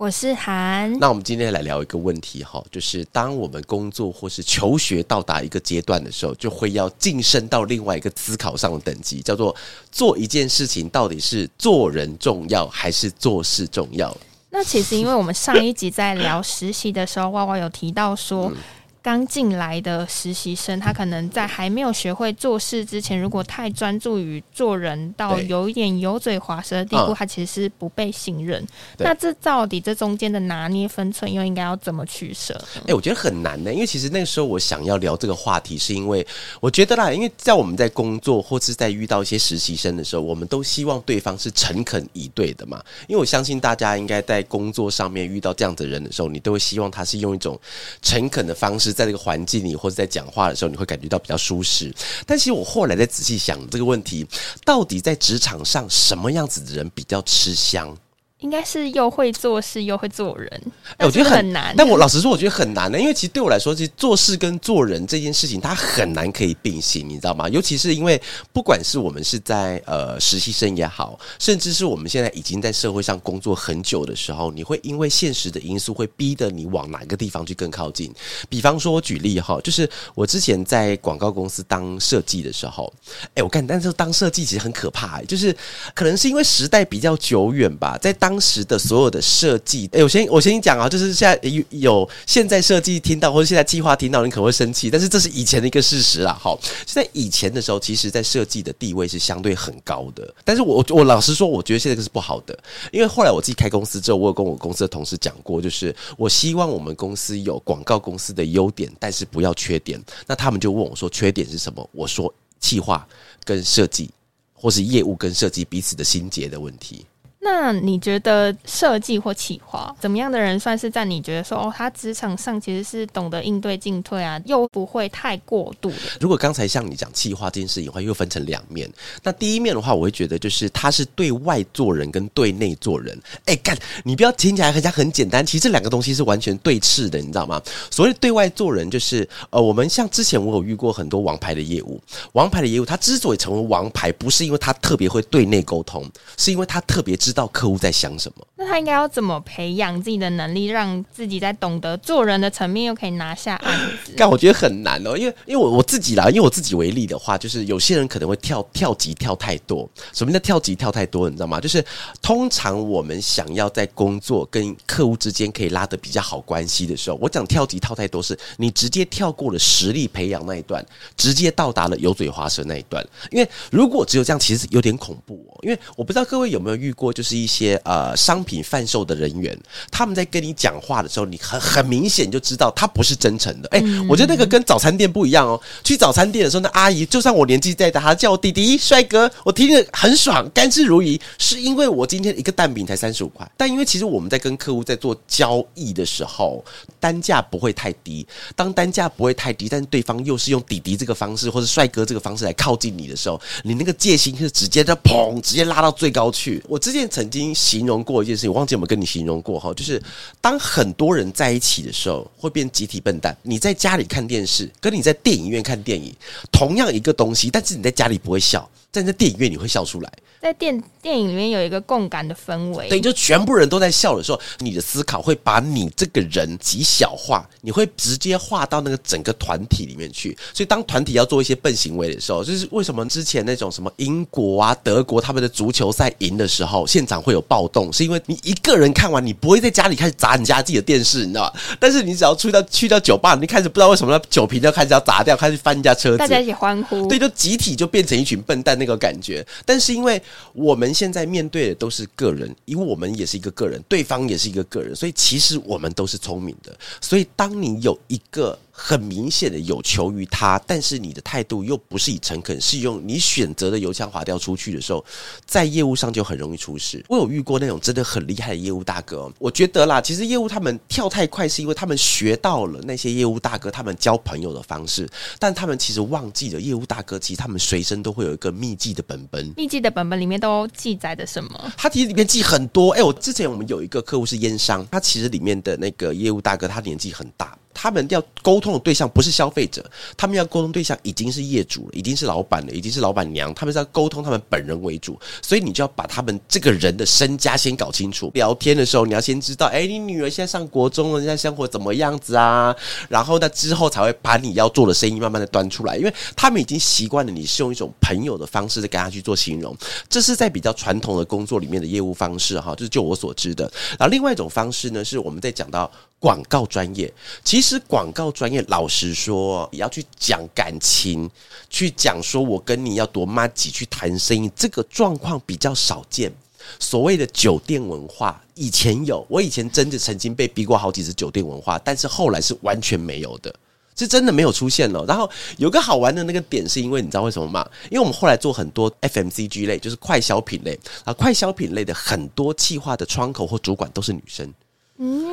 我是韓，那我們今天來聊一個問題哈，就是當我們工作或是求學到達一個階段的時候，就會要晉升到另外一個思考上的等級，叫做做一件事情到底是做人重要還是做事重要？那其實因為我們上一集在聊實習的時候，哇哇 有提到說。嗯剛進來的實習生，他可能在還沒有學會做事之前，如果太專注於做人，到有一點油嘴滑舌的地步，對他其實是不被信任。嗯、那這到底這中間的拿捏分寸又應該要怎麼取舍？哎對、嗯欸，我覺得很難呢、欸，因為其實那個時候我想要聊這個話題，是因為我覺得啦，因為在我們在工作或是在遇到一些實習生的時候，我們都希望對方是誠懇以對的嘛。因為我相信大家應該在工作上面遇到這樣子的人的時候，你都會希望他是用一種誠懇的方式。在這個環境裡，或者在講話的時候，你會感覺到比較舒適。但其實我後來在仔細想這個問題，到底在職場上什麼樣子的人比較吃香？應該是又會做事又會做人，哎，但我，老實說我覺得很難。但我老實說，我覺得很難呢，因為其實對我來說，其實做事跟做人這件事情，它很難可以並行，你知道嗎？尤其是因為不管是我們是在呃實習生也好，甚至是我們現在已經在社會上工作很久的時候，你會因為現實的因素會逼得你往哪個地方去更靠近。比方說，我舉例哈，就是我之前在廣告公司當設計的時候，哎、欸，我幹，但是當設計其實很可怕，欸，就是可能是因為時代比較久遠吧，在當當時的所有的設計，哎，我先我先講啊，就是現在有有現在設計聽到或者現在計劃聽到，你可能會生氣，但是這是以前的一個事實了啊。好，現在以前的時候，其實，在設計的地位是相對很高的。但是我我老實說，我覺得現在是不好的，因為後來我自己開公司之後，我有跟我公司的同事講過，就是我希望我們公司有廣告公司的優點，但是不要缺點。那他們就問我說，缺點是什麼？我說計劃跟設計，或是業務跟設計彼此的心結的問題。那你覺得設計或企劃怎麼樣的人，算是在你覺得說哦，他職場上其實是懂得應對進退啊，又不會太過度。如果剛才像你講企劃這件事情的話，又分成兩面。那第一面的話，我會覺得就是他是對外做人跟對內做人。哎、欸，幹，你不要聽起來好像很簡單，其實這兩個東西是完全對峙的，你知道嗎？所謂對外做人，就是呃，我們像之前我有遇過很多王牌的業務，王牌的業務他之所以成為王牌，不是因為他特別會對內溝通，是因為他特別知。知道客戶在想什麼？那他應該要怎麼培養自己的能力，讓自己在懂得做人的層面又可以拿下案子？但我覺得很難哦，因為因為我我自己啦，因為我自己為例的話，就是有些人可能會跳跳級跳太多。什麼叫跳級跳太多？你知道嗎？就是通常我們想要在工作跟客戶之間可以拉得比較好關係的時候，我講跳級跳太多是，是你直接跳過了實力培養那一段，直接到達了油嘴滑舌那一段。因為如果只有這樣，其實有點恐怖哦。因為我不知道各位有沒有遇過就是一些呃商品販售的人員，他們在跟你講話的時候，你很很明顯就知道他不是真誠的。哎、欸，mm hmm. 我覺得那個跟早餐店不一樣哦。去早餐店的時候，那阿姨就算我年紀再大，她叫我弟弟、帥哥，我聽着很爽，甘之如飴，是因為我今天一個蛋餅才三十五塊。但因為其實我們在跟客戶在做交易的時候，單價不會太低。當單價不會太低，但是對方又是用弟弟這個方式或者帥哥這個方式來靠近你的時候，你那個戒心是直接就砰直接拉到最高去。我之前。曾經形容過一件事情，我忘記有沒有跟你形容過哈，就是當很多人在一起的時候，會變集體笨蛋。你在家裡看電視，跟你在電影院看電影，同樣一個東西，但是你在家裡不會笑。站在電影院你會笑出來，在電電影裡面有一個共感的氛圍，對，就全部人都在笑的時候，你的思考會把你這個人極小化，你會直接化到那個整個團體裡面去。所以當團體要做一些笨行為的時候，就是為什麼之前那種什麼英國啊、德國他們的足球賽贏的時候，現場會有暴動，是因為你一個人看完，你不會在家裡開始砸你家自己的電視，你知道嗎？但是你只要出到，去到酒吧，你開始不知道為什麼，酒瓶要開始要砸掉，開始翻人家車子，大家一起歡呼，對，就集體就變成一群笨蛋。那個感覺，但是因為我們現在面對的都是個人，因為我們也是一個個人，對方也是一個個人，所以其實我們都是聰明的。所以當你有一個。很明顯的有求於他，但是你的態度又不是以誠懇，是用你選擇的郵箱劃掉出去的時候，在業務上就很容易出事。我有遇過那種真的很厲害的業務大哥，我覺得啦，其實業務他們跳太快，是因為他們學到了那些業務大哥他們交朋友的方式，但他們其實忘記了業務大哥其實他們隨身都會有一個秘籍的本本，秘籍的本本裡面都記載的什麼？他其實裡面記很多。哎、欸，我之前我們有一個客戶是煙商，他其實裡面的那個業務大哥，他年紀很大。他們要溝通的對象不是消費者，他們要溝通對象已經是業主了，已經是老闆了，已經是老闆娘，他們是要溝通他們本人為主，所以你就要把他們這個人的身家先搞清楚。聊天的時候，你要先知道，誒，你女兒現在上國中了，現在生活怎麼樣子啊？然後那之後才會把你要做的生意慢慢的端出來，因為他們已經習慣了你是用一種朋友的方式在跟他去做形容，這是在比較傳統的工作裡面的業務方式哈，就是就我所知的。然後另外一種方式呢，是我們在講到。廣告專業，其實廣告專業，老實說，也要去講感情，去講說，我跟你要多麻吉，去談生意，這個狀況比較少見。所謂的酒店文化，以前有，我以前真的曾經被逼過好幾次酒店文化，但是後來是完全沒有的，是真的沒有出現了。然後有個好玩的那個點，是因為你知道為什麼嗎？因為我們後來做很多 FMCG 類，就是快消品類啊，快消品類的很多企劃的窗口或主管都是女生。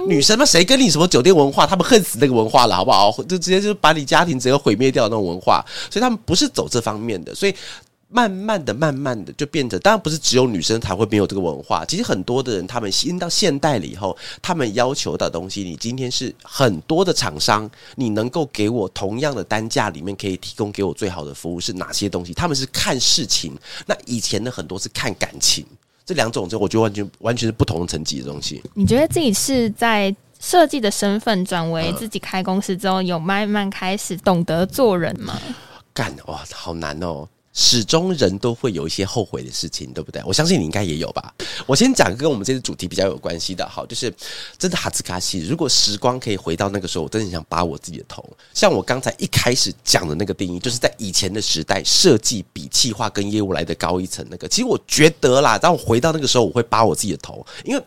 女生，那誰跟你什麼酒店文化？他們恨死那個文化了，好不好？就直接就把你家庭整個毀滅掉的那種文化，所以他們不是走這方面的。所以慢慢的、慢慢的就變成，當然不是只有女生才會沒有這個文化。其實很多的人，他們進到現代了以後，他們要求的東西，你今天是很多的廠商，你能夠給我同樣的單價裡面可以提供給我最好的服務是哪些東西？他們是看事情，那以前的很多是看感情。這兩種之後，我覺得完全完全是不同層級的東西。你覺得自己是在設計的身份轉為自己開公司之後，有慢慢開始懂得做人嗎？嗯、幹哇，好難哦。始終人都會有一些後悔的事情，對不對？我相信你應該也有吧。我先講跟我們這次主題比較有關係的，好，就是真的哈斯卡西。如果時光可以回到那個時候，我真的很想扒我自己的頭。像我剛才一開始講的那個定義，就是在以前的時代，設計比企劃跟業務來的高一層。那個其實我覺得啦，當我回到那個時候，我會扒我自己的頭，因為。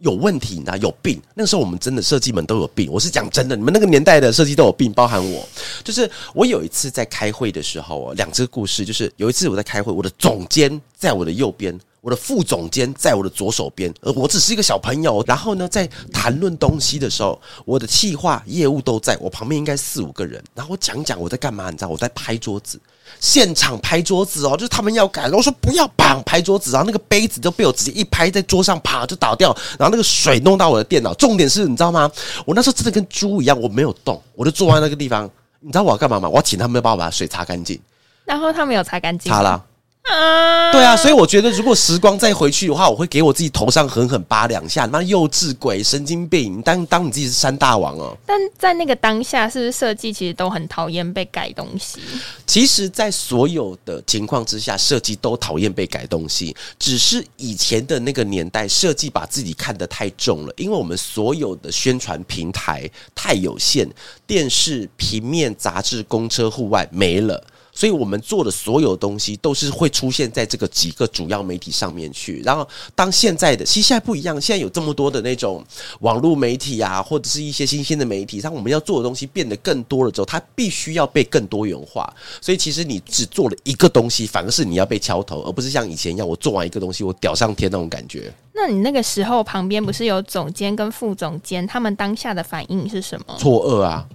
有問題呢、啊，有病。那個時候我們真的設計們都有病，我是講真的，你們那個年代的設計都有病，包含我。就是我有一次在開會的時候，兩隻故事，就是有一次我在開會，我的總監在我的右邊。我的副總監在我的左手邊，而我只是一個小朋友。然後呢，在談論東西的時候，我的企劃業務都在我旁邊，應該四五個人。然後我講講我在幹嘛，你知道我在拍桌子，現場拍桌子哦、喔，就是他們要改，我說不要綁拍桌子，然後那個杯子都被我直接一拍在桌上，啪就倒掉，然後那個水弄到我的電腦。重點是你知道嗎？我那時候真的跟豬一樣，我沒有動，我就坐在那個地方。你知道我要幹嘛嗎？我要請他們幫我把水擦乾淨。然後他們有擦乾淨？擦了。啊，對啊，所以我覺得如果時光再回去的話，我會給我自己頭上狠狠扒兩下。那幼稚鬼，神經病，你當當你自己是山大王哦、喔。但在那個當下，是不是設計其實都很討厭被改東西？其實，在所有的情況之下，設計都討厭被改東西。只是以前的那個年代，設計把自己看得太重了，因為我們所有的宣傳平台太有限，電視、平面、雜誌、公車、戶外沒了。所以我們做的所有東西都是會出現在這個幾個主要媒體上面去。然後，當現在的其實現在不一樣，現在有這麼多的那種網絡媒體啊，或者是一些新興的媒體，像我們要做的東西變得更多了之後，它必須要被更多元化。所以，其實你只做了一個東西，反而是你要被敲頭，而不是像以前一樣，我做完一個東西我屌上天那種感覺。那你那個時候旁邊不是有總監跟副總監，他們當下的反應是什麼？錯愕啊。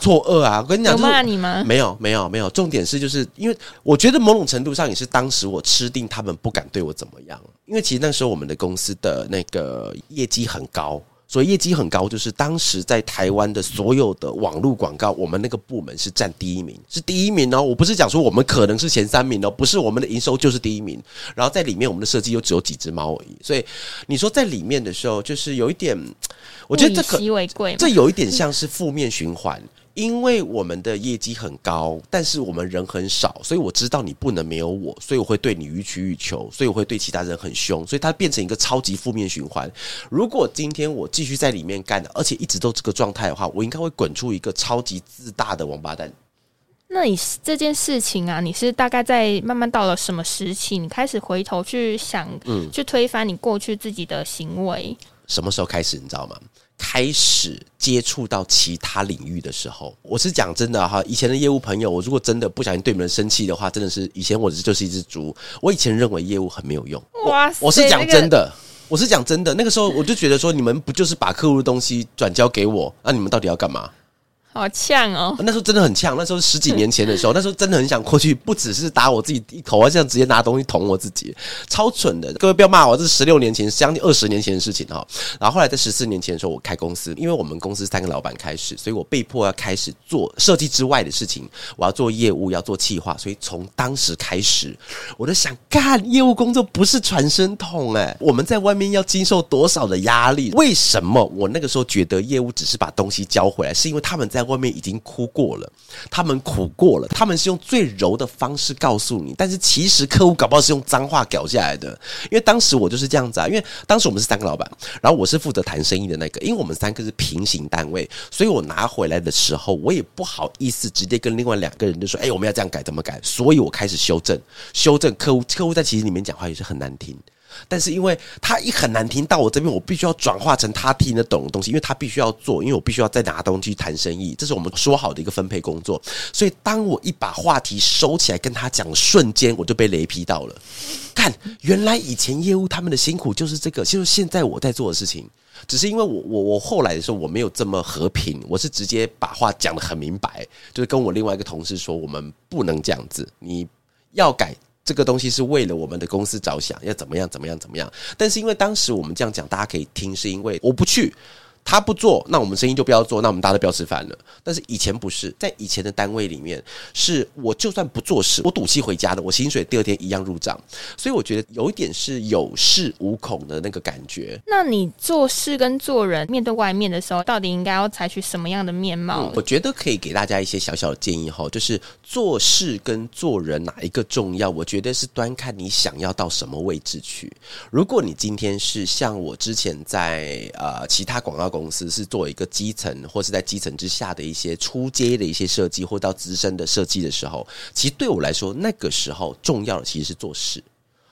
錯愕啊！我跟你講、就是，我罵你嗎？沒有，沒有，沒有。重點是，就是因為我覺得某種程度上也是當時我吃定他們不敢對我怎麼樣，因為其實那時候我們的公司的那個業績很高。所以業績很高，就是當時在台灣的所有的網絡廣告，我們那個部門是佔第一名，是第一名哦。我不是講說我們可能是前三名哦，不是我們的營收就是第一名。然後在裡面，我們的設計又只有幾隻貓而已。所以你說在裡面的時候，就是有一點，我覺得這個這有一點像是負面循環。 因為我們的業績很高，但是我們人很少，所以我知道你不能沒有我，所以我會對你予取予求，所以我會對其他人很凶，所以它變成一個超級負面循環。如果今天我繼續在裡面幹的，而且一直都這個狀態的話，我應該會滾出一個超級自大的王八蛋。那你這件事情啊，你是大概在慢慢到了什麼時期，你開始回頭去想，嗯，去推翻你過去自己的行為？什麼時候開始？你知道嗎？開始接觸到其他領域的時候，我是講真的哈。以前的業務朋友，我如果真的不小心對你們生氣的話，真的是以前我就是一隻豬。我以前認為業務很沒有用，哇塞，我，我是講真的，那個，我是講真的，我是講真的。那個時候我就覺得說，你們不就是把客戶的東西轉交給我？那、 啊、你們到底要幹嘛？好嗆哦！那時候真的很嗆，那時候十幾年前的時候，是那時候真的很想過去，不只是打我自己一頭，而且直接拿東西捅我自己，超蠢的。各位不要罵我，這是十六年前，將近二十年前的事情哈。然後後來在十四年前的時候，我開公司，因為我們公司三個老板開始，所以我被迫要開始做設計之外的事情，我要做業務，要做企劃，所以從當時開始，我就想，幹，業務工作不是傳聲筒哎、欸，我們在外面要經受多少的壓力？為什麼我那個時候覺得業務只是把東西交回來，是因為他們在。外面已經哭過了，他們哭過了，他們是用最柔的方式告訴你，但是其實客戶搞不好是用髒話搞下來的。因為當時我就是這樣子啊，因為當時我們是三個老板，然後我是負責談生意的那個，因為我們三個是平行單位，所以我拿回來的時候，我也不好意思直接跟另外兩個人就說：“誒、欸，我們要這樣改，怎麼改？”所以我開始修正，修正客戶，客戶在其實裡面講話也是很難聽。但是因為他一很難聽到我這邊，我必須要轉化成他聽得懂的東西，因為他必須要做，因為我必須要再拿東西去談生意，這是我們說好的一個分配工作。所以當我一把話題收起來跟他講瞬間，我就被雷劈到了。看，原來以前業務他們的辛苦就是這個，就是現在我在做的事情，只是因為我我我後來的時候我沒有這麼和平，我是直接把話講得很明白，就是跟我另外一個同事說，我們不能這樣子，你要改。這個東西是為了我們的公司着想，要怎麼樣怎麼樣怎麼樣。但是因為當時我們這樣講，大家可以聽，是因為我不去。他不做，那我們生意就不要做，那我們大家都不要吃飯了。但是以前不是，在以前的單位裡面，是我就算不做事，我賭氣回家的。我薪水第二天一樣入賬，所以我覺得有一點是有恃無恐的那個感覺。那你做事跟做人面對外面的時候，到底應該要採取什麼樣的面貌？嗯，我覺得可以給大家一些小小的建議哈，就是做事跟做人哪一個重要？我覺得是端看你想要到什麼位置去。如果你今天是像我之前在呃其他廣告。公司是做一個基層，或是在基層之下的一些初階的一些設計，或到資深的設計的時候，其實對我來說，那個時候重要的其實是做事。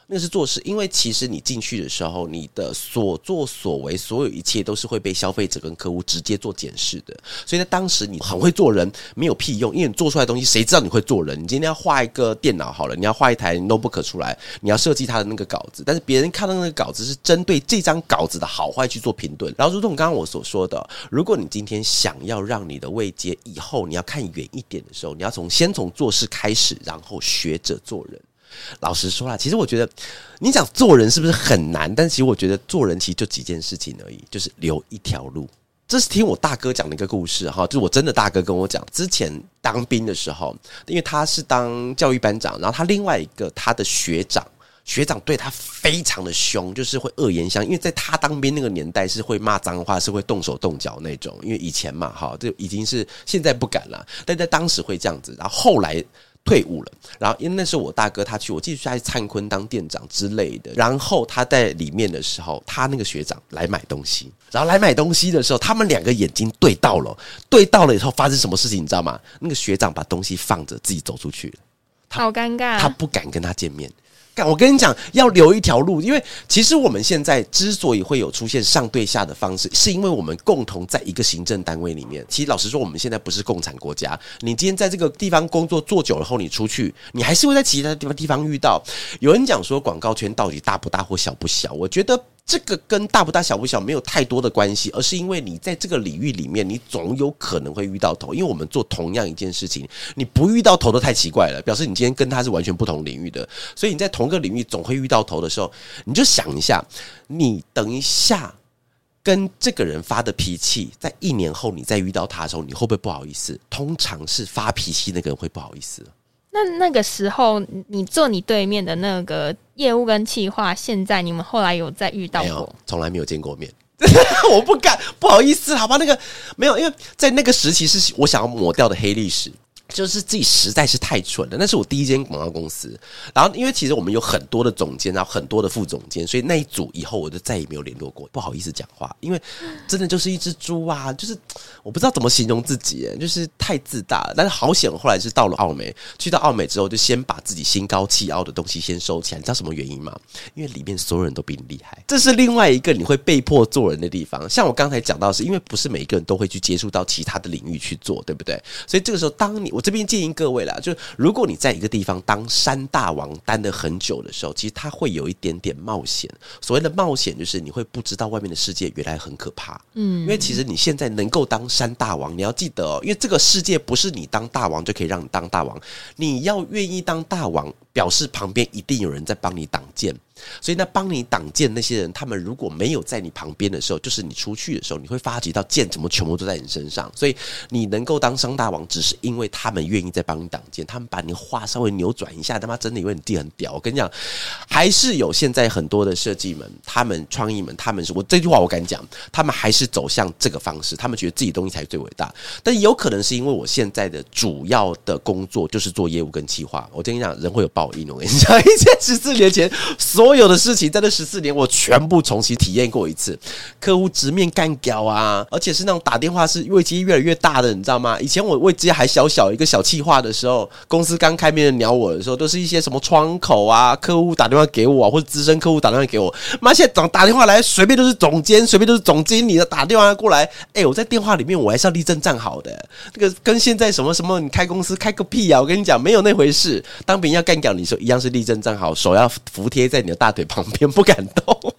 那是做事，因為其實你進去的時候，你的所作所為，所有一切都是會被消費者跟客戶直接做檢視的。所以在當時你很會做人沒有屁用，因為你做出來的東西，誰知道你會做人？你今天要畫一個電腦好了，你要畫一台 notebook 出來，你要設計它的那個稿子，但是別人看到那個稿子是針對這張稿子的好壞去做評論。然後如同剛剛我所說的，如果你今天想要讓你的位階以後你要看遠一點的時候，你要從先從做事開始，然後學着做人。老實說啦，其實我覺得，你講做人是不是很難？但其實我覺得做人其實就幾件事情而已，就是留一條路。這是聽我大哥講的一個故事哈，就是我真的大哥跟我講，之前當兵的時候，因為他是當教育班長，然後他另外一個他的學長，學長對他非常的凶，就是會惡言相，因為在他當兵那個年代是會罵髒話，是會動手動腳那種，因為以前嘛哈，就已經是現在不敢了，但在當時會這樣子，然後後來。退伍了，然後因為那時候我大哥，他去我記得在燦坤當店長之類的。然後他在裡面的時候，他那個學長來買東西，然後來買東西的時候，他們兩個眼睛對到了，對到了以後發生什麼事情，你知道嗎？那個學長把東西放着，自己走出去了，他好尷尬，他不敢跟他見面。我跟你講，要留一條路，因為其實我們現在之所以會有出現上對下的方式，是因為我們共同在一個行政單位裡面。其實老實說，我們現在不是共產國家，你今天在這個地方工作做久了後，你出去，你還是會在其他地方地方遇到。有人講說，廣告圈到底大不大或小不小？我覺得。這個跟大不大、小不小沒有太多的關係，而是因為你在這個領域裡面，你總有可能會遇到頭。因為我們做同樣一件事情，你不遇到頭都太奇怪了，表示你今天跟他是完全不同領域的。所以你在同一個領域總會遇到頭的時候，你就想一下，你等一下跟這個人發的脾氣，在一年後你再遇到他的時候，你會不會不好意思？通常是發脾氣那個人會不好意思。那那個時候，你坐你對面的那個業務跟企劃，現在你們後來有再遇到過？哎呦，從來沒有見過面， 我不敢， 不好意思，好吧，那個沒有，因為在那個時期是我想要抹掉的黑歷史。就是自己實在是太蠢了，那是我第一間廣告公司，然後，因為其實我們有很多的總監啊，然後很多的副總監，所以那一組以後我就再也沒有聯絡過。不好意思講話，因為真的就是一隻豬啊，就是我不知道怎麼形容自己，就是太自大了。但是好險，我後來是到了奧美，去到奧美之後，就先把自己心高氣傲的東西先收起來。你知道什麼原因嗎？因為裡面所有人都比你厲害，這是另外一個你會被迫做人的地方。像我剛才講到的是，是因為不是每一個人都會去接觸到其他的領域去做，對不對？所以這個時候，當你我這邊建議各位啦，就是如果你在一個地方當山大王待的很久的時候，其實它會有一點點冒險。所謂的冒險，就是你會不知道外面的世界原來很可怕。嗯，因為其實你現在能夠當山大王，你要記得，哦，因為這個世界不是你當大王就可以讓你當大王，你要願意當大王，表示旁邊一定有人在幫你擋箭。所以，那幫你擋箭那些人，他們如果沒有在你旁邊的時候，就是你出去的時候，你會發覺到箭怎麼全部都在你身上。所以，你能夠當商大王，只是因為他們願意在幫你擋箭。他們把你的話稍微扭轉一下。他媽真的以為你弟很屌？我跟你講，還是有現在很多的設計們，他們創意們，他們是我這句話我敢講，他們還是走向這個方式，他們覺得自己東西才是最偉大。但有可能是因為我現在的主要的工作就是做業務跟企劃。我跟你講，人會有報應。我跟你講，一千十四年前所。有的事情在這十四年，我全部重新體驗過一次。客戶直面幹掉啊，而且是那種打電話是位階越來越大的，你知道嗎？以前我位階還小小一個小企劃的時候，公司剛開沒人鳥我的時候，都是一些什麼窗口啊、客戶打電話給我啊，或者資深客戶打電話給我。媽，現在打打電話來，隨便都是總監，隨便都是總經理的打電話過來。哎，我在電話裡面，我還是要立正站好的。這、那個跟現在什麼什麼你開公司開個屁啊，我跟你講，沒有那回事。當別人要幹掉你時候，一樣是立正站好，手要服貼在你大腿旁邊不敢動。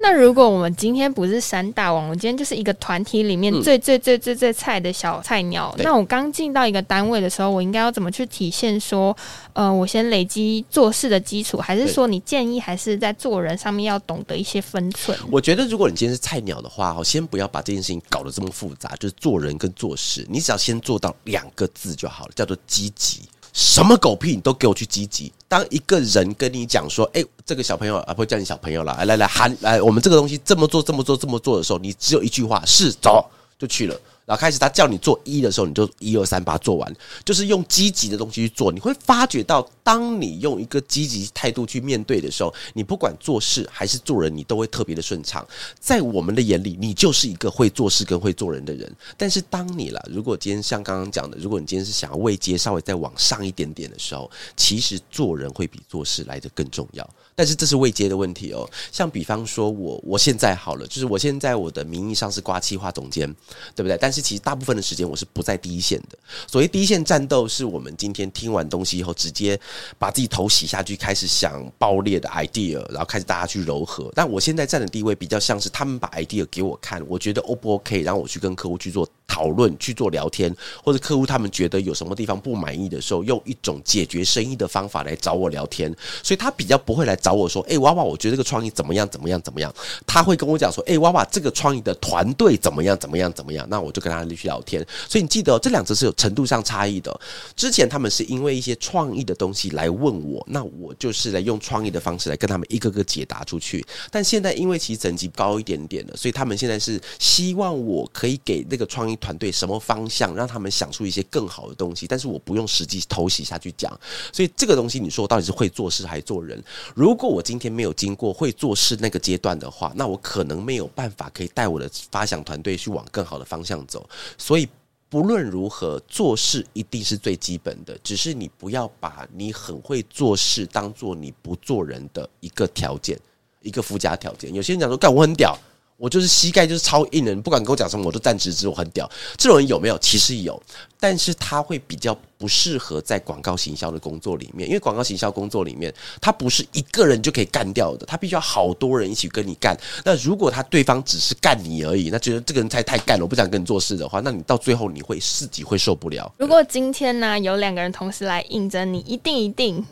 那如果我們今天不是散打王，我今天就是一個團體裡面最最最最最菜的小菜鳥。嗯、那我剛進到一個單位的時候，我應該要怎麼去體現說？說呃，我先累積做事的基礎，還是說你建議還是在做人上面要懂得一些分寸？我覺得，如果你今天是菜鳥的話，哈，先不要把這件事情搞得這麼複雜。就是做人跟做事，你只要先做到兩個字就好了，叫做積極。什麼狗屁你都給我去積極！當一個人跟你講說：“哎，這個小朋友，啊不會叫你小朋友了，來來來喊來，我們這個東西這麼做、這麼做、這麼做的時候，你只有一句話：是，走，就去了。”然後開始，他叫你做一的時候，你就一二三把它做完，就是用積極的東西去做，你會發覺到，當你用一個積極態度去面對的時候，你不管做事還是做人，你都會特別的順暢。在我們的眼裡，你就是一個會做事跟會做人的人。但是，當你啦，如果今天像剛剛講的，如果你今天是想要位階稍微再往上一點點的時候，其實做人會比做事來得更重要。但是這是未接的問題哦，像比方說我，我我現在好了，就是我現在我的名義上是掛企劃總監，對不對？但是其實大部分的時間我是不在第一線的。所謂第一線戰鬥，是我們今天聽完東西以後，直接把自己頭洗下去，開始想爆裂的 idea，然後開始大家去柔和。但我現在站的地位比較像是他們把 idea 給我看，我覺得 O 不 OK，然後我去跟客戶去做，討論去做聊天，或者客戶他們覺得有什麼地方不滿意的時候，用一種解決生意的方法來找我聊天，所以他比較不會來找我說：“哎，娃娃，我覺得這個創意怎麼樣？怎麼樣？怎麼樣？”他會跟我講說：“哎，娃娃，這個創意的團隊怎麼樣？怎麼樣？怎麼樣？”那我就跟他去聊天。所以你記得喔，這兩者是有程度上差異的。之前他們是因為一些創意的東西來問我，那我就是來用創意的方式來跟他們一個個解答出去。但現在因為其實層級高一點點了，所以他們現在是希望我可以給那個創意。團隊什麼方向，讓他們想出一些更好的東西。但是我不用實際偷襲下去講，所以這個東西你說我到底是會做事還是做人？如果我今天沒有經過會做事那個階段的話，那我可能沒有辦法可以帶我的發想團隊去往更好的方向走。所以不論如何，做事一定是最基本的。只是你不要把你很會做事當做你不做人的一個條件，一個附加條件。有些人講說，幹，我很屌。我就是膝蓋就是超硬的人，不管你跟我講什麼，我都站直直，我很屌。這種人有沒有？其實有，但是他會比較不適合在廣告行銷的工作裡面，因為廣告行銷工作裡面，他不是一個人就可以幹掉的，他必須要好多人一起跟你幹。那如果他對方只是幹你而已，那覺得這個人太太幹了，我不想跟你做事的話，那你到最後你會自己會受不了。如果今天呢，有兩個人同時來應徵你，一定一定。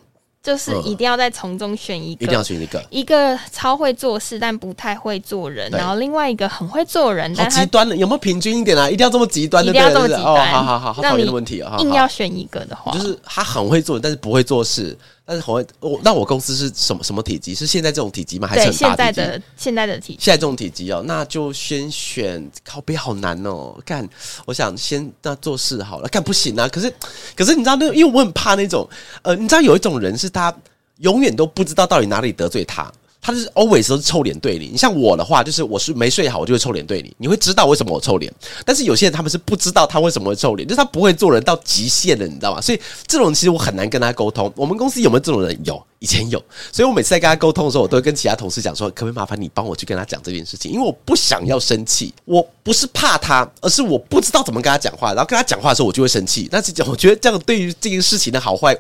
就是一定要再從中選一個、嗯，一定要選一個，一個超會做事但不太會做人，對然後另外一個很會做人，好極端的，他有沒有平均一點啊？一定要這麼極端的，不要這麼極端、就是，哦，好好好，討厭的問題啊！硬要選一個的話好好，就是他很會做人，但是不會做事。但是紅，我那我公司是什麼什麼體積？是現在這種體積嗎？還是很大的現在的現在的體積？現在這種體積哦，那就先選靠北，好難哦。幹，我想先那做事好了，幹不行啊。可是，可是你知道那種，因為我很怕那種，呃，你知道有一種人是他永遠都不知道到底哪裡得罪他。他是 always 都是臭臉對你，你像我的話，就是我是沒睡好，我就會臭臉對你。你會知道為什麼我臭臉，但是有些人他們是不知道他為什麼會臭臉，就是他不會做人到極限的，你知道嗎？所以這種人其實我很難跟他溝通。我們公司有沒有這種人？有，以前有。所以我每次在跟他溝通的時候，我都會跟其他同事講說，可不可以麻煩你幫我去跟他講這件事情？因為我不想要生氣，我不是怕他，而是我不知道怎麼跟他講話，然後跟他講話的時候我就會生氣。但是我覺得這樣對於這件事情的好壞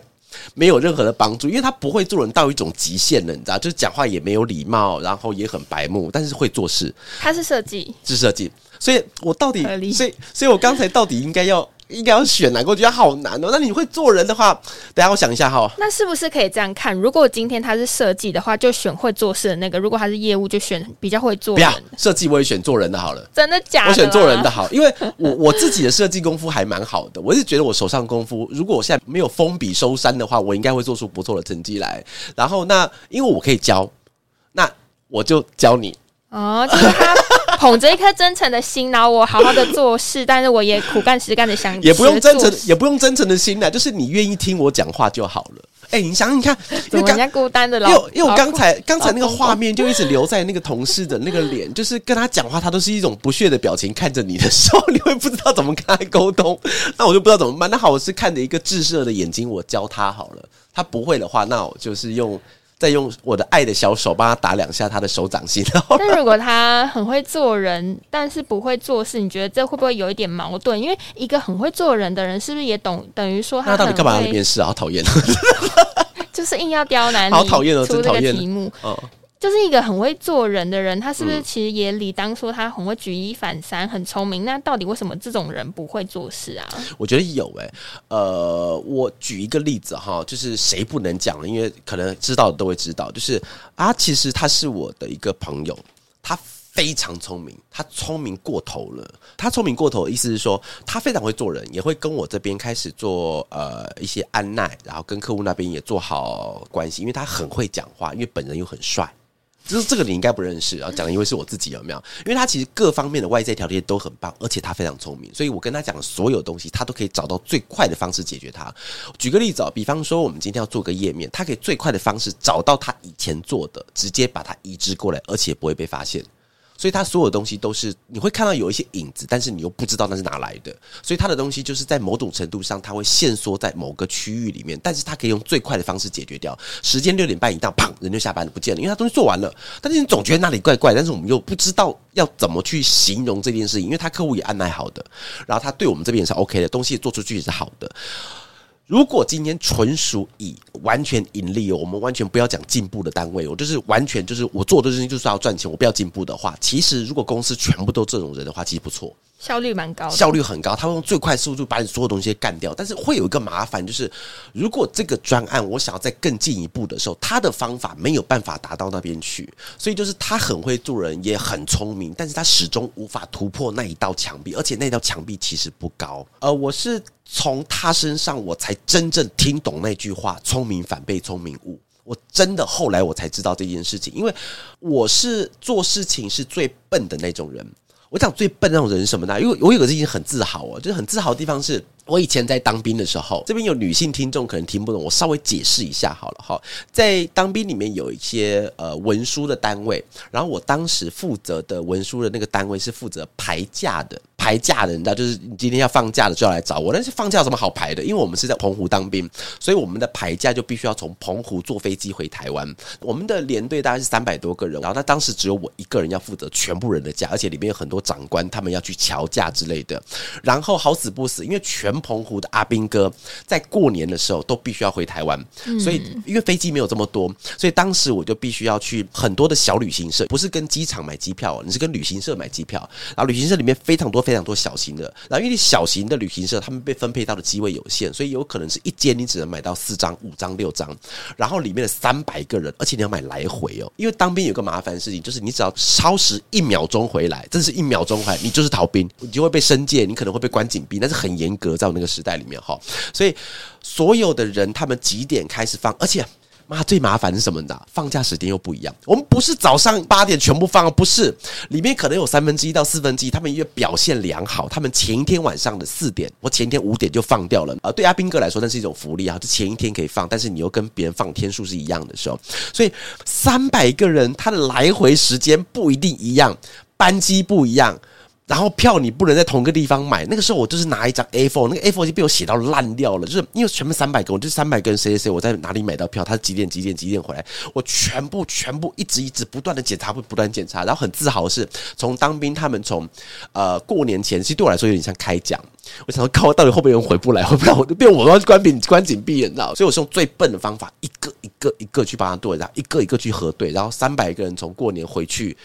沒有任何的幫助，因為他不會做人到一種極限了。你知道，就是講話也沒有禮貌，然後也很白目，但是會做事。他是設計，是設計，所以，我到底，合理。所以，所以我剛才到底應該要。應該要選，哪個，我覺得好難哦。那你會做人的話，等一下我想一下哈。那是不是可以這樣看？如果今天他是設計的話，就選會做事的那個；如果他是業務，就選比較會做人的。不要設計，我也選做人的好了。真的假的？我選做人的好，因為我我自己的設計功夫還蠻好的。 我是覺得我手上功夫，如果我現在沒有封筆收山的話，我應該會做出不錯的成績來。然後那因為我可以教，那我就教你。哦，就是他捧着一顆真誠的心，然後我好好的做事， 但是我也苦幹實幹的想，也不用真誠，做也不用真誠的心呢，就是你願意聽我講話就好了。哎、欸，你想想看，怎麼這樣孤單的，因為因為我剛才剛哭才那個畫面就一直留在那個同事的那個臉，哭就是跟他講話，他都是一種不屑的表情 看着你的時候，你會不知道怎麼跟他溝通。 那我就不知道怎麼辦。那好，我是看着一個炙熱的眼睛，我教他好了。他不會的話，那我就是用。再用我的愛的小手幫他打兩下他的手掌心。那如果他很會做人， 但是不會做事，你覺得這會不會有一點矛盾？因為一個很會做人的人，是不是也懂，等於說他到底幹嘛要面試啊？好討厭，就是硬要刁難你，好討厭哦！出這個題目 就是一個很會做人的人，他是不是其實也理當說他很會舉一反三，嗯、很聰明？那到底為什麼這種人不會做事啊？我覺得有哎、欸，呃，我舉一個例子哈，就是誰不能講，因為可能知道的都會知道，就是啊，其實他是我的一個朋友，他非常聰明，他聰明過頭了。他聰明過頭的意思是說，他非常會做人，也會跟我這邊開始做呃一些安耐，然後跟客戶那邊也做好關係，因為他很會講話，因為本人又很帥。就是這個你應該不認識，啊，講的因為是我自己有沒有？因為他其實各方面的外在條件都很棒，而且他非常聰明，所以我跟他講的所有東西，他都可以找到最快的方式解決它。舉個例子啊、哦，比方說我們今天要做個頁面，他可以最快的方式找到他以前做的，直接把它移植過來，而且不會被發現。所以他所有東西都是你會看到有一些影子，但是你又不知道那是哪來的。所以他的東西就是在某種程度上，它會限縮在某個區域裡面，但是他可以用最快的方式解決掉。時間六點半一到，砰，人就下班了，不見了，因為他東西做完了。但是你總覺得那裡怪怪，但是我們又不知道要怎麼去形容這件事情，因為他客戶也安排好的，然後他對我們這邊也是 OK 的，東西也做出去也是好的。如果今天純屬以完全盈利，我們完全不要講進步的單位，我就是完全就是我做的事情就是要賺錢，我不要進步的話，其實如果公司全部都這種人的話，其實不錯。效率蠻高，效率很高。他會用最快速度把你所有東西幹掉。但是會有一個麻煩，就是如果這個專案我想要再更進一步的時候，他的方法沒有辦法達到那邊去。所以就是他很會做人，也很聰明，但是他始終無法突破那一道牆壁。而且那道牆壁其實不高。呃，我是從他身上我才真正聽懂那句話“聰明反被聰明誤”。我真的後來我才知道這件事情，因為我是做事情是最笨的那種人。我講最笨的那種人是什麼呢？因為我有個事情很自豪哦，就是很自豪的地方是我以前在當兵的時候，這邊有女性聽眾可能聽不懂，我稍微解釋一下好了哈。在當兵裡面有一些呃文書的單位，然後我當時負責的文書的那個單位是負責排假的。排假的，你知道就是今天要放假的就要來找我，但是放假有什麼好排的？因為我們是在澎湖當兵，所以我們的排假就必須要從澎湖坐飛機回台灣。我們的連隊大概是三百多個人，然後他當時只有我一個人要負責全部人的假，而且裡面有很多長官他們要去喬假之類的。然後好死不死，因為全澎湖的阿兵哥在過年的時候都必須要回台灣，嗯、所以因為飛機沒有這麼多，所以當時我就必須要去很多的小旅行社，不是跟機場買機票，你是跟旅行社買機票，然後旅行社裡面非常多非。很多小型的，然後因為小型的旅行社，他們被分配到的機位有限，所以有可能是一間你只能買到四張、五張、六張，然後裡面的三百個人，而且你要買來回哦。因為當兵有個麻煩事情，就是你只要超時一秒鐘回來，真是一秒鐘回來，你就是逃兵，你就會被申誡，你可能會被關禁閉，但是很嚴格在我那個時代裡面哈、哦。所以所有的人他們幾點開始放，而且。媽，最麻煩是什麼的啊？放假時間又不一樣。我們不是早上八點全部放，不是，裡面可能有三分之一到四分之一，4, 他們因為表現良好，他們前一天晚上的四點或前一天五點就放掉了。呃，對阿兵哥來說，那是一種福利啊，就前一天可以放，但是你又跟別人放天數是一樣的時候，所以三百個人，他的來回時間不一定一樣，班機不一樣。然後票你不能在同個地方買。那個時候我就是拿一張 A4，那個 A4 已經被我寫到爛掉了，就是因為全部三百個，我就是三百個人誰誰誰，我在哪裡買到票，他幾點幾點幾點回來，我全部全部一直一直不斷的檢查，不不斷地檢查。然後很自豪的是，從當兵他們從呃過年前，其實對我來說有點像開獎。我想說，靠，到底後面有人回不來回不來，我就變我要關閉關禁閉眼了。所以我是用最笨的方法，一個一個一個去幫他對，然後一個一個去核對，然後三百個人從過年回去，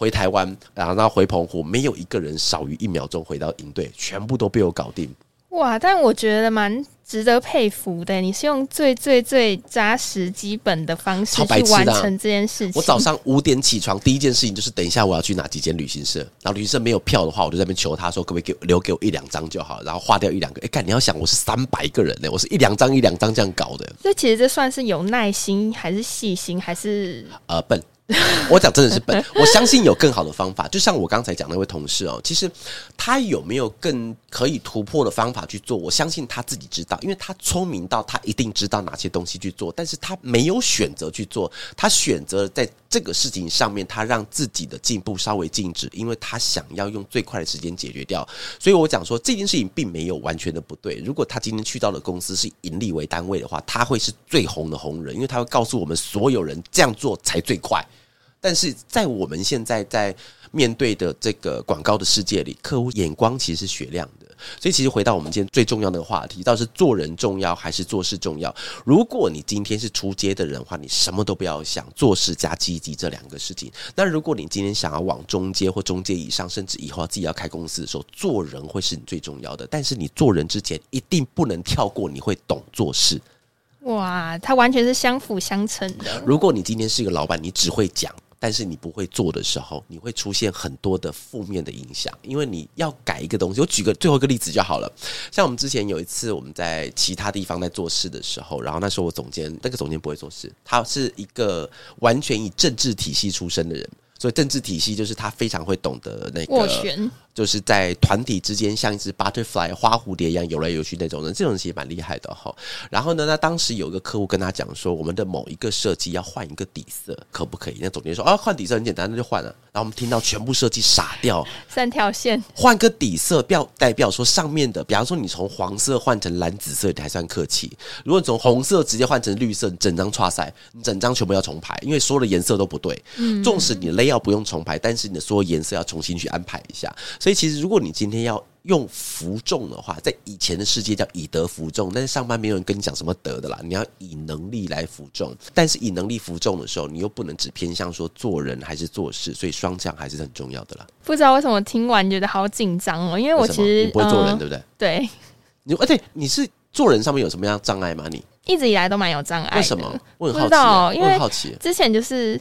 回台灣，然後到回澎湖，沒有一個人少於一秒鐘回到營隊，全部都被我搞定。哇！但我覺得蠻值得佩服的，你是用最最最紮實基本的方式去完成這件事情。我早上五點起床，第一件事情就是等一下我要去哪幾間旅行社，然後旅行社沒有票的話，我就在那邊求他說可不可以，給我留給我一兩張就好，然後畫掉一兩個。哎、欸，幹你要想，我是三百個人呢，我是一兩張一兩張這樣搞的。所以其實這算是有耐心，還是細心，還是呃笨。 我講真的是笨，我相信有更好的方法。就像我剛才講那位同事哦、喔，其實他有沒有更可以突破的方法去做？我相信他自己知道，因為他聰明到他一定知道哪些東西去做，但是他沒有選擇去做，他選擇在這個事情上面，他讓自己的進步稍微靜止，因為他想要用最快的時間解決掉。所以我講說這件事情並沒有完全的不對。如果他今天去到的公司是盈利為單位的話，他會是最紅的紅人，因為他會告訴我們所有人這樣做才最快。但是在我們現在在面對的這個廣告的世界裡，客戶眼光其實是雪亮的。所以，其實回到我們今天最重要的一個話題，到底是做人重要還是做事重要？如果你今天是初階的人的話，你什麼都不要想，做事加積極這兩個事情。那如果你今天想要往中階或中階以上，甚至以後要自己要開公司的時候，做人會是你最重要的。但是你做人之前，一定不能跳過你會懂做事。哇，它完全是相輔相成的。嗯。如果你今天是一個老闆，你只會講。但是你不會做的時候，你會出現很多的負面的影響，因為你要改一個東西。我舉個最後一個例子就好了，像我們之前有一次我們在其他地方在做事的時候，然後那時候我總監，那個總監不會做事，他是一個完全以政治體系出身的人。所以政治體系就是他非常會懂得那個，就是在團體之間像一隻 butterfly 花蝴蝶一樣游來游去那種人，這種人也蠻厲害的哈。然後呢，那當時有一個客戶跟他講說，我們的某一個設計要換一個底色，可不可以？那總監說，哦，換底色很簡單，那就換了。然後我們聽到全部設計傻掉，三條線，換個底色，表代表說上面的，比方說你從黃色換成藍紫色你還算客氣，如果你從紅色直接換成綠色，你整張踹賽，你整張全部要重排，因為所有的顏色都不對，縱使你勒，要不用重拍，但是你的所有顏色要重新去安排一下。所以其實，如果你今天要用服眾的話，在以前的世界叫以德服眾，但是上班沒有人跟你講什麼德的啦。你要以能力來服眾，但是以能力服眾的時候，你又不能只偏向說做人還是做事，所以雙向還是很重要的啦。不知道為什麼聽完覺得好緊張哦，因為我其實，為什麼你不會做人，對不對？嗯、對，你，而、啊、且你是做人上面有什麼樣障礙嗎？你一直以來都蠻有障礙，為什麼？我很好奇、啊，哦、因為我很好奇、啊，之前就是。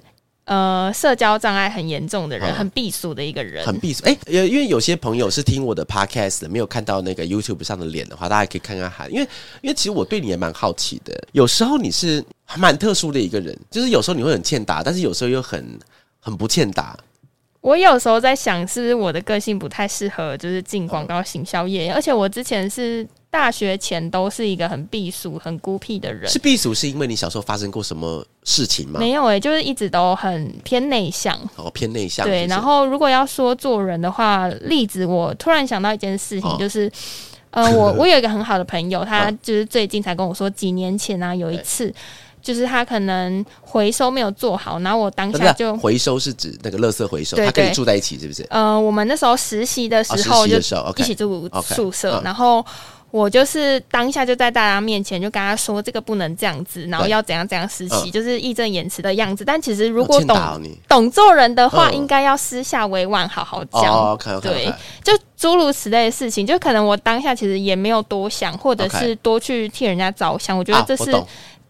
呃，社交障礙很嚴重的人，嗯、很閉俗的一個人，很閉俗。哎、欸，因為有些朋友是聽我的 podcast 的，沒有看到那個 YouTube 上的臉的話，大家也可以看看他。因為，因為其實我對你也蠻好奇的。有時候你是蠻特殊的一個人，就是有時候你會很欠打，但是有時候又很很不欠打。我有時候在想，是不是我的個性不太適合就是進廣告行銷業？嗯、而且我之前是。大學前都是一個很避暑、很孤僻的人。是避暑，是因為你小時候發生過什麼事情嗎？沒有哎，就是一直都很偏內向。哦，偏內向。對，然後如果要說做人的話，例子我突然想到一件事情，就是，呃，我我有一個很好的朋友，他就是最近才跟我說，幾年前呢，有一次，就是他可能回收沒有做好，然後我當下就，回收是指那個垃圾回收，他跟你住在一起是不是？呃，我們那時候實習的時候，實習的時候就一起住宿舍，然後。我就是當下就在大家面前就跟他說，這個不能這樣子，對然後要怎樣怎樣實習，呃、就是義正言辭的樣子。但其實如果懂懂做人的話，呃、應該要私下委婉好好講。哦、okay, okay, okay. 對，就諸如此類的事情，就可能我當下其實也沒有多想，或者是多去替人家着想。Okay. 我覺得這是、啊、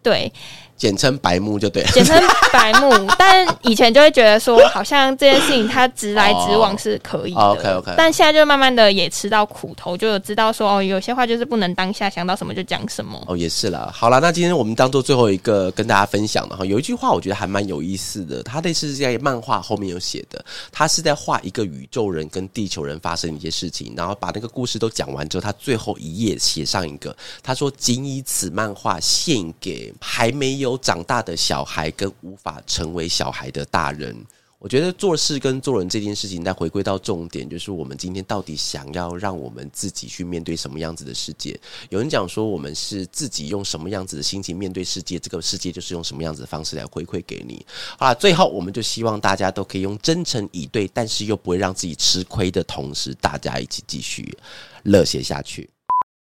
對。簡稱白目就對了，簡稱白目。 但以前就會覺得說，好像這件事情他直來直往是可以的。Oh, OK OK。但現在就慢慢的也吃到苦頭，就知道說哦，有些話就是不能當下想到什麼就講什麼。哦，也是啦。好了，那今天我們當做最後一個跟大家分享的哈，有一句話我覺得還蠻有意思的，他類似在漫畫後面有寫的，他是在畫一個宇宙人跟地球人發生一些事情，然後把那個故事都講完之後，他最後一頁寫上一個，他說：“僅以此漫畫獻給還沒有。”有長大的小孩跟無法成為小孩的大人。我覺得做事跟做人這件事情，再回歸到重點，就是我們今天到底想要讓我們自己去面對什麼樣子的世界？有人講說，我們是自己用什麼樣子的心情面對世界，這個世界就是用什麼樣子的方式來回饋給你。好了，最後，我們就希望大家都可以用真誠以對，但是又不會讓自己吃虧的同時，大家一起繼續熱血下去。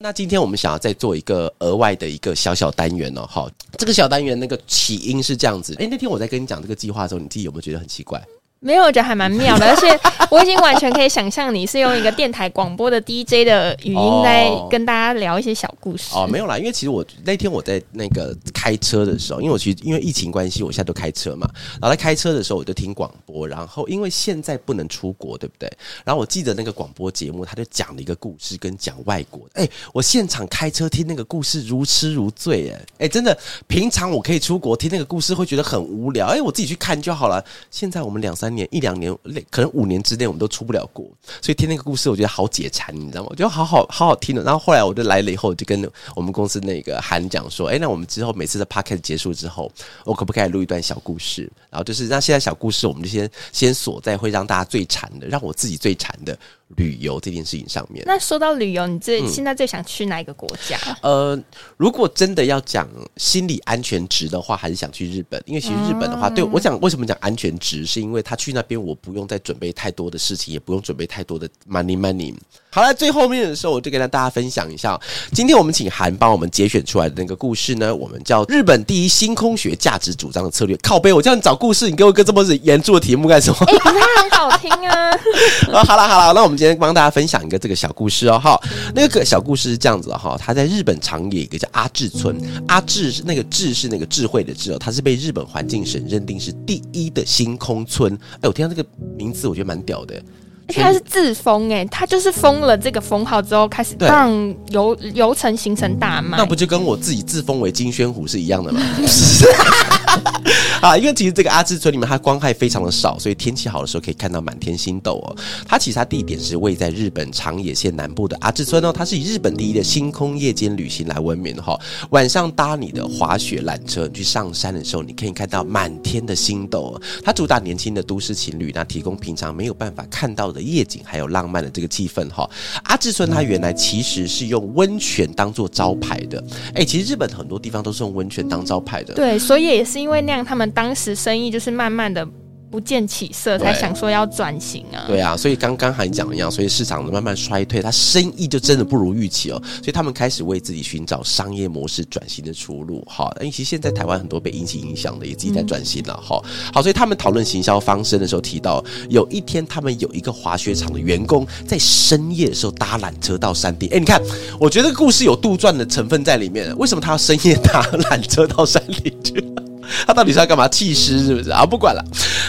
那今天我們想要再做一個額外的一個小小單元哦，好，這個小單元那個起因是這樣子，哎，那天我在跟你講這個計劃的時候，你自己有沒有覺得很奇怪？沒有，我覺得還蠻妙的，而且我已經完全可以想象你是用一個電台廣播的 DJ 的語音來跟大家聊一些小故事哦。哦，沒有啦，因為其實我那天我在那個開車的時候，因為我其實因為疫情關係，我現在都開車嘛。然後在開車的時候，我就聽廣播，然後因為現在不能出國，對不對？然後我記得那個廣播節目，他就講了一個故事，跟講外國。哎、欸，我現場開車聽那個故事如痴如醉、欸，哎哎，真的，平常我可以出國聽那個故事會覺得很無聊，哎、欸，我自己去看就好了。現在我們兩三。一年一兩年，可能五年之內我們都出不了國，所以聽那個故事我覺得好解饞，你知道嗎？我覺得好好好好聽的。然後後來我就來了以後，我就跟我們公司那個韓講說：“誒、欸，那我們之後每次的 podcast 結束之後，我可不可以錄一段小故事？然後就是，讓現在小故事我們就先先鎖在會讓大家最饞的，讓我自己最饞的。”旅遊這件事情上面，那說到旅遊，你最、嗯、現在最想去哪一個國家？呃，如果真的要講心理安全值的話，還是想去日本，因為其實日本的話，嗯、對我講為什麼講安全值，是因為他去那邊我不用再準備太多的事情，也不用準備太多的 money money。好了，最後面的時候，我就跟大家分享一下。今天我們請韓幫我們節選出來的那個故事呢，我們叫《日本第一星空學價值主張的策略》。靠杯，我叫你找故事，你給我一個這麼嚴肅的題目幹什麼？哎、欸，不是很好聽啊！ 好了好了，那我們今天幫大家分享一個這個小故事哦、喔。哈、嗯，那個小故事是這樣子的、喔、哈，它在日本長野一個叫阿智村，嗯、阿智是那個智是那個智慧的智哦、喔，它是被日本環境省認定是第一的星空村。哎、欸，我聽到這個名字，我覺得蠻屌的。而且他是自封，哎、欸，他就是封了這個封號之後，開始讓油油層形成大滿、嗯，那不就跟我自己自封為金宣虎是一樣的嗎？ 啊，因為其實這個阿智村裡面它光害非常的少，所以天氣好的時候可以看到滿天星斗哦、喔。它其實它地點是位在日本長野縣南部的阿智村哦、喔，它是以日本第一的星空夜間旅行來聞名哈。晚上搭你的滑雪纜車你去上山的時候，你可以看到滿天的星斗、喔。它主打年輕的都市情侶，那提供平常沒有辦法看到的夜景，還有浪漫的這個氣氛哈、喔。阿智村它原來其實是用溫泉當做招牌的，哎、欸，其實日本很多地方都是用溫泉當招牌的，對，所以也是因為。因為那樣，他們當時生意就是慢慢的不見起色，才想說要轉型啊，啊。對啊，所以剛剛還講一樣，所以市場慢慢衰退，他生意就真的不如預期哦。所以他們開始為自己尋找商業模式轉型的出路。好，因、欸、為其實現在台灣很多被疫情影響的也自己在轉型了。好、嗯、好，所以他們討論行銷方式的時候提到，有一天他們有一個滑雪場的員工在深夜的時候搭纜車到山頂。哎、欸，你看，我覺得故事有杜撰的成分在裡面。為什麼他要深夜搭纜車到山頂去？他到底是要幹嘛？氣死是不是啊？不管了。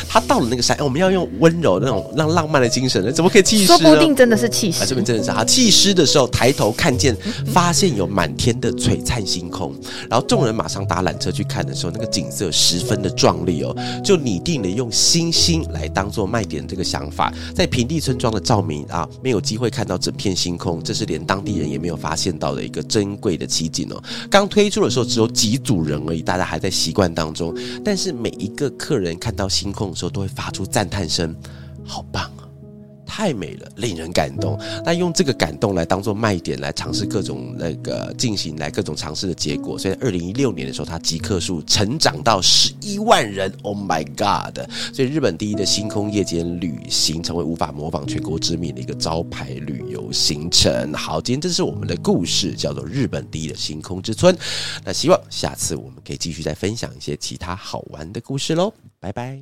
他到了那個山，哎，我們要用溫柔那種讓浪漫的精神，怎麼可以氣失？說不定真的是氣失、嗯啊。這邊真的是啊，氣失的時候抬頭看見，發現有滿天的璀璨星空。然後眾人馬上搭纜車去看的時候，那個景色十分的壯麗哦。就擬定了用星星來當作賣點這個想法，在平地村莊的照明啊，沒有機會看到整片星空，這是連當地人也沒有發現到的一個珍貴的奇景哦。剛推出的時候只有幾組人而已，大家還在習慣當中。但是每一個客人看到星空的時候都會發出讚嘆聲，好棒啊，太美了，令人感動。那用這個感動來當做賣點，來嘗試各種那個進行來各種嘗試的結果。所以二零一六年的時候，它遊客數成長到十一萬人，Oh my God！所以日本第一的星空夜間旅行成為無法模仿全國知名的一個招牌旅遊行程。好，今天這是我們的故事，叫做日本第一的星空之村。那希望下次我們可以繼續再分享一些其他好玩的故事嘍，拜拜。